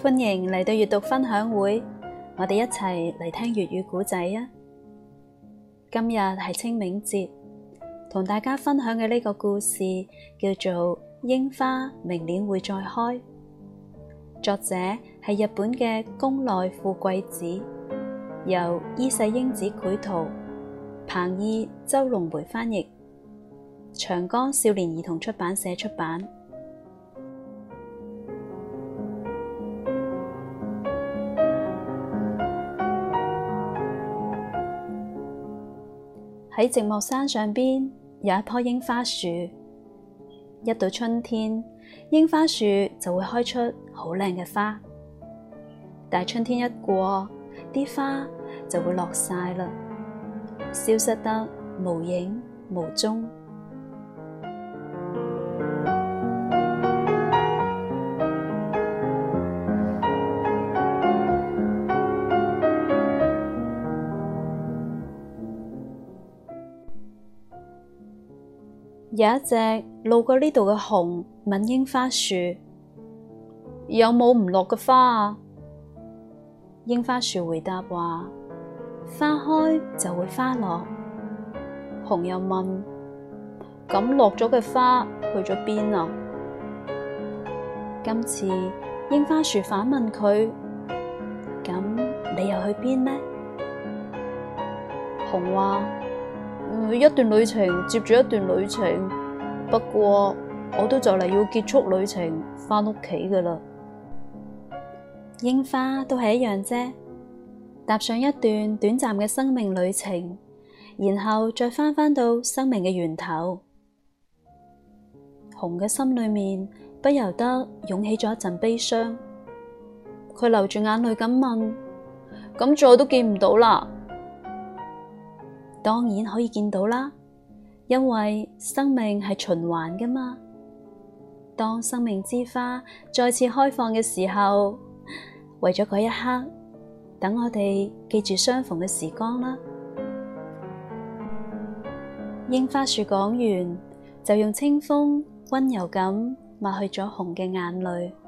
歡迎嚟到閱讀分享會，我哋一齊嚟聽粵語古仔啊！今日係清明節，同大家分享嘅呢個故事叫做《櫻花明年會再開》，作者係日本嘅宮內富貴子，由伊勢英子繪圖，彭懿、周龍梅翻譯，長江少年兒童出版社出版。喺寂寞山上邊有一棵櫻花樹，一到春天，櫻花樹就會開出好靚嘅花，但係春天一過，啲花就會落晒啦，消失得無影無蹤。有一隻路過呢度嘅熊問櫻花樹：有冇唔落嘅花啊？櫻花樹回答話：花開就會花落。熊又問：咁落咗嘅花去咗邊啊？今次櫻花樹反問佢：咁你又去邊呢？熊話：去一段旅程接住一段旅程，不過我都就嚟要結束旅程翻屋企㗎喇。櫻花都係一樣啫，踏上一段短暫嘅生命旅程，然後再翻翻到生命嘅源頭。熊嘅心裏面不由得湧起咗一陣悲傷，佢流住眼淚咁問：咁再都見唔到啦？當然可以見到啦，因為生命係循環噶嘛。當生命之花再次開放嘅時候，為咗嗰一刻，等我哋記住相逢嘅時光啦。櫻 花樹講完，就用清風溫柔咁抹去咗紅嘅眼淚。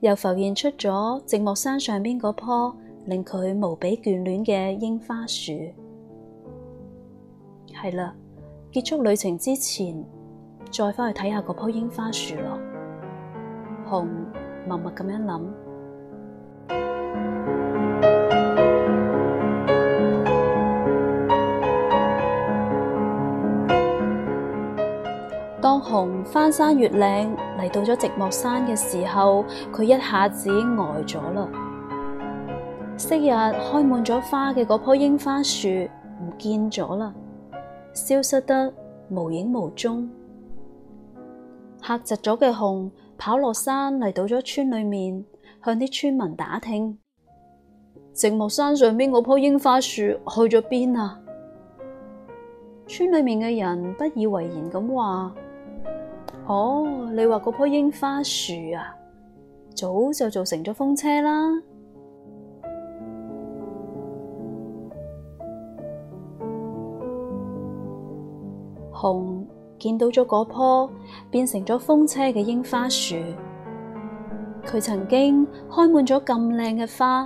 又浮現出咗寂寞山上邊嗰棵令佢無比眷戀嘅櫻花樹。係啦，結束旅程之前，再返去睇下嗰棵櫻花樹咯。紅默默咁樣諗。當熊翻山越嶺嚟，到咗寂寞山嘅時候，佢一下子呆咗啦。昔日開滿咗花嘅嗰棵櫻花樹唔見咗啦，消失得無影無蹤，嚇窒咗嘅熊跑落山嚟到咗村裏面，向啲村民打聽寂寞山上邊嗰棵櫻花樹去咗邊啊？村裏面嘅人不以為然咁話。哦，你話嗰棵櫻花樹啊，早就做成咗風車啦。紅見到咗嗰棵變成咗風車嘅櫻花樹，佢曾經開滿咗咁靚嘅花，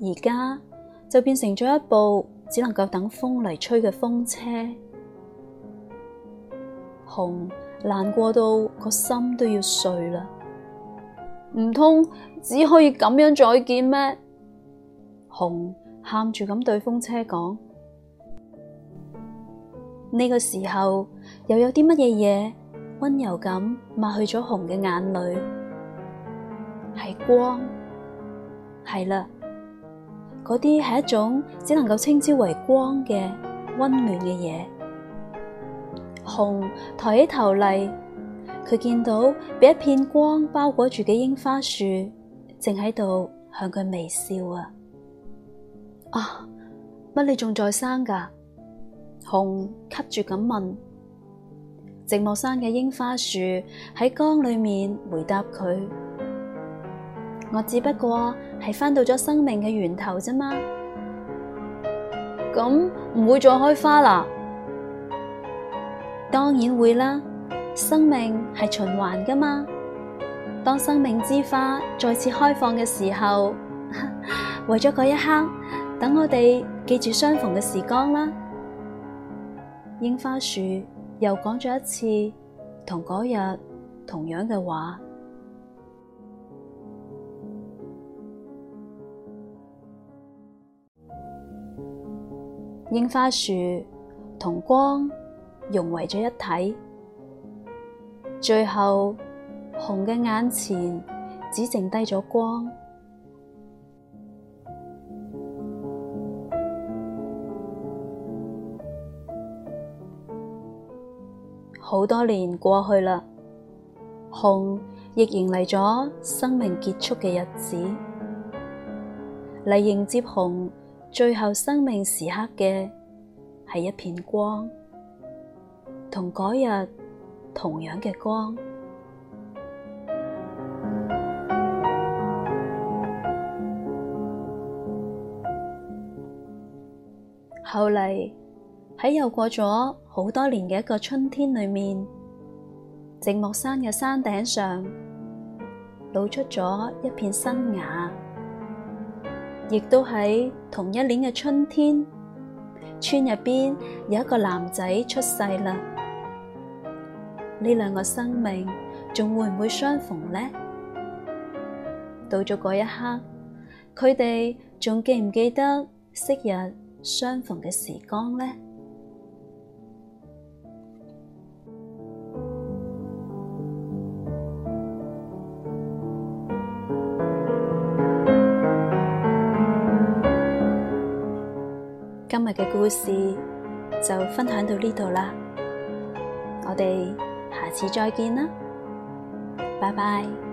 而家就變成咗一部只能夠等風嚟吹嘅風車。紅。難過到個心都要碎啦，唔通只可以咁樣再見咩？紅喊住咁對風車講，呢個時候又有啲乜嘢嘢溫柔咁抹去咗紅嘅眼淚，係光，係啦，嗰啲係一種只能夠稱之為光嘅溫暖嘅嘢。紅抬起頭嚟，佢見到被一片光包裹住嘅櫻花樹，正喺度向佢微笑啊！啊，乜你仲在生噶？紅吸住咁問。寂寞山嘅櫻花樹喺江裏面回答佢：我只不過係翻到咗生命嘅源頭啫嘛。咁唔會再開花啦？當然會啦，生命係循環噶嘛。當生命之花再次開放嘅時候， 為咗嗰一刻，等我哋記住相逢嘅時光啦。櫻花樹又講咗一次同嗰日同樣嘅話，櫻花樹同光，融為咗一體，最後紅嘅眼前只剩低咗光。好多年過去啦，紅亦迎嚟咗生命結束嘅日子。嚟迎接紅最後生命時刻嘅係一片光。同嗰日同樣嘅光，後嚟喺又過咗好多年嘅一個春天裏面，寂寞山嘅山頂上露出咗一片新芽，亦都喺同一年嘅春天，村入邊有一個男仔出世啦。呢兩個生命仲會唔會相逢呢？到咗嗰一刻，佢哋仲記唔記得昔日相逢嘅時光呢？今日嘅故事就分享到呢度啦，我哋。下次再見啦，拜拜。